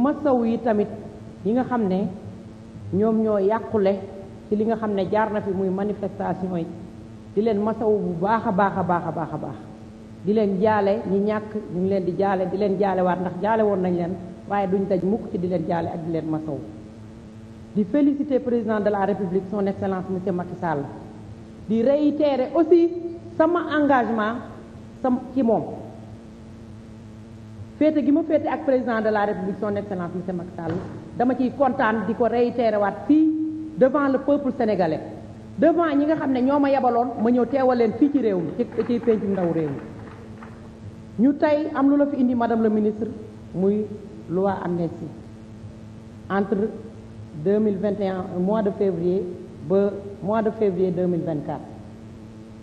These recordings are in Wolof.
masawu yi tamit yi nga xam ne ñoom ñoo yàqule ci li nga xam ne jaar na fi muy manifestation yi di leen masawu bu baax a baax a baax a baax a baax di leen jaale ñi ñàkk ñu ngi leen di jaale di leen jaale waat ndax jaale woon nañ leen waaye duñ daj mukk ci di leen jaale ak di leen masawu di féliciter président de la république son excellence monsieur Macky Sall di réitérer aussi sama engagement sam ci moom féete gi ma féete ak président de la république son excellence monsieur Macky Sall dama ciy kontaan di ko rey waat fii devant le peuple sénégalais devant ñi nga xam ne ñoo ma yebaloon ma ñëw teewal leen fii ci réew mi ci ci pencum ndaw réew mi ñu tey am lu la fi indi madame la ministre muy loi amnistie entre deux mille vingt et un mois de février ba mois de février deux mille vingt quatre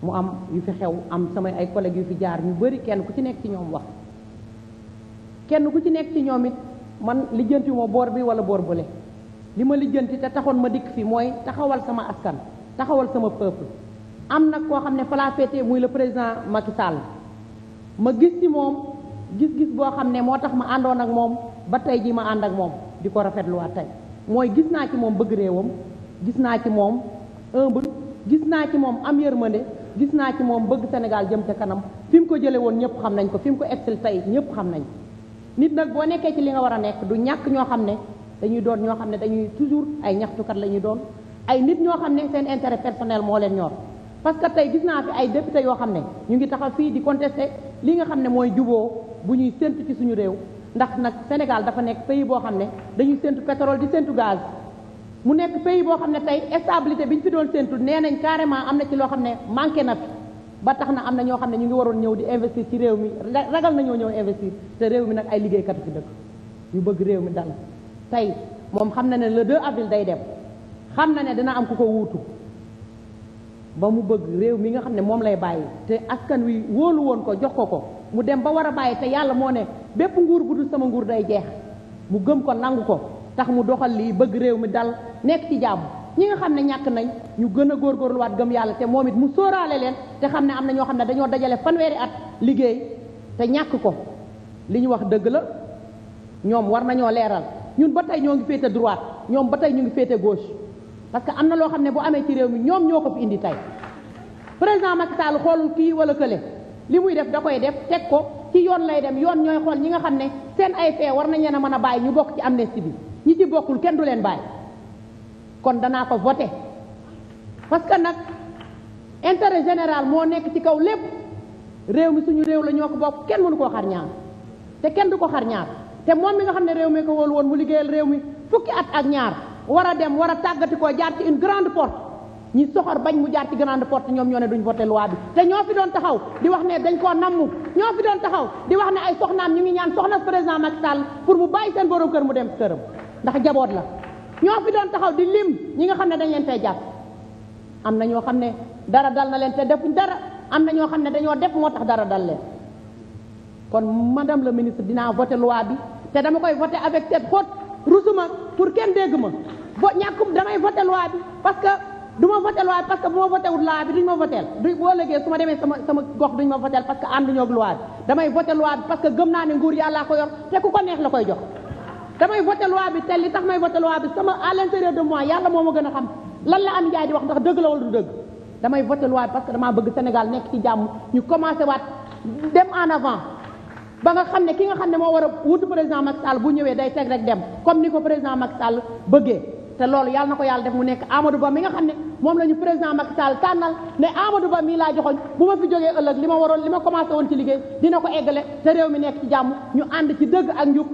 mu am yu fi xew am samay ay collègues yu fi jaar ñu bëri kenn ku ci nekk ci ñoom wax. kenn ku ci nekk ci ñoom it man lijjanti ma boor bi wala boor bële li ma lijjanti te taxoon ma dikk fi mooy taxawal sama askan taxawal sama peuple am nag koo xam ne falaa féete muy le président Macky Sall ma gis ci moom gis-gis boo xam ne moo tax ma àndoon ak moom ba tey ji ma ànd ak moom di ko rafetluwaat tey mooy gis naa ci moom bëgg réewam gis naa ci moom humble gis naa ci moom am yërmande gis naa ci moom bëgg Sénégal jëm ca kanam fi mu ko jële woon ñëpp xam nañ ko fi mu ko excel tey ñëpp xam nañ nit nag boo nekkee ci li nga war a nekk du ñàkk ñoo xam ne dañuy doon ñoo xam ne dañuy toujours ay ñaxtukat la ñuy doon ay nit ñoo xam ne seen intérêt personnel moo leen ñor parce que tey gis naa fi ay député yoo xam ne ñu ngi taxaw fii di contester li nga xam ne mooy juboo bu ñuy séntu ci suñu réew ndax nag Sénégal dafa nekk pays boo xam ne dañuy séntu pétrole di séntu gaz mu nekk pays boo xam ne tey stabilité bi ñu fi doon séntu nee nañ carrément am na ci loo xam ne manqué na ba tax na am na ñoo xam ne ñu ngi waroon ñëw di investir ci réew mi ragal nañoo ñëw investir te réew mi nag ay liggéeykat fi dëkk yu bëgg réew mi dal tey moom xam na ne le 2 day dem xam na ne dina am ku ko wuutu ba mu bëgg réew mi nga xam ne moom lay bàyyi te askan wi wóolu woon ko jox ko ko mu dem ba war a bàyyi te yàlla moo ne bépp nguur bu dul sama nguur day jeex mu gëm ko nangu ko tax mu doxal lii bëgg réew mi dal nekk ci jàmm ñi nga xam ne ñàkk nañ ñu gën a góorgóorluwaat gëm yàlla te moom it mu sooraale leen te xam ne am na ñoo xam ne dañoo dajale fanweeri at liggéey te ñàkk ko li ñu wax dëgg la ñoom war nañoo leeral ñun ba tey ñoo ngi féete droite ñoom ba tey ñu ngi féete gauche parce que am na loo xam ne bu amee ci réew mi ñoom ñoo ko fi indi tey président Macky Sall xoolul kii wala kële li muy def da koy def teg ko ci yoon lay dem yoon ñooy xool ñi nga xam ne seen ay fee war nañ leen a mën a bàyyi ñu bokk ci amnistie bi ñi ci bokkul kenn du leen bàyyi kon danaa ko voté parce que nag intérêt général moo nekk ci kaw lépp réew mi suñu réew la ñoo ko bokk kenn mënu koo xar ñaar te kenn du ko xar ñaar te moom mi nga xam ne réew mi ko wóolu woon mu liggéeyal réew mi fukki at ak ñaar war a dem war a tàggati koo jaar ci une grande porte ñi soxor bañ mu jaar ci grande porte ñoom ñoo ne duñ voté loi bi te ñoo fi doon taxaw di wax ne dañ koo nammu ñoo fi doon taxaw di wax ne ay soxnaam ñu ngi ñaan soxna président Macky Sall pour mu bàyyi seen borom kër mu dem ndax jaboot la ñoo fi doon taxaw di lim ñi nga xam ne dañ leen fee jàpp am na ñoo xam ne dara dal na leen te defuñ dara am na ñoo xam ne dañoo def moo tax dara dal leen kon madame la ministre dinaa voté loi bi te dama koy voté avec tête haute rusuma pour kenn dégg ma bo ñàkkum damay voté loi bi que du ma voté loi bi parce que bu ma duñ ma voté du boo légee su ma demee sama sama gox duñ ma voté parce que ànduñoo ak loi bi damay voté loi bi parce que gëm naa ne nguur yàllaa ko yor te neex la koy jox. damay voté loi bi te li tax may voté loi bi sama à l'intérieur de moi yàlla moo a gën a xam lan la Amy Ndiaye di wax ndax dëgg la wala du dëgg damay voté loi bi parce que damaa bëgg Sénégal nekk ci jàmm ñu commencé waat dem en avant ba nga xam ne ki nga xam ne moo war a wutu président Macky bu ñëwee day teg rek dem comme ni ko président Macky Sall bëggee te loolu yàlla na ko yàlla def mu nekk Amadou Ba mi nga xam ne moom la ñu président Macky Sall tànnal ne Amadou Ba mii laa joxoñ bu ma fi jógee ëllëg ma waroon li ma commencé woon ci liggéey dina ko eggale te réew mi nekk ci jàmm ñu ànd ci dëgg ak njub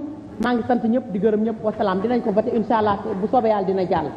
maa ngi sant ñëpp di gërëm ñëpp wasalaam dinañ ko voté incha allah bu soobee dina jàll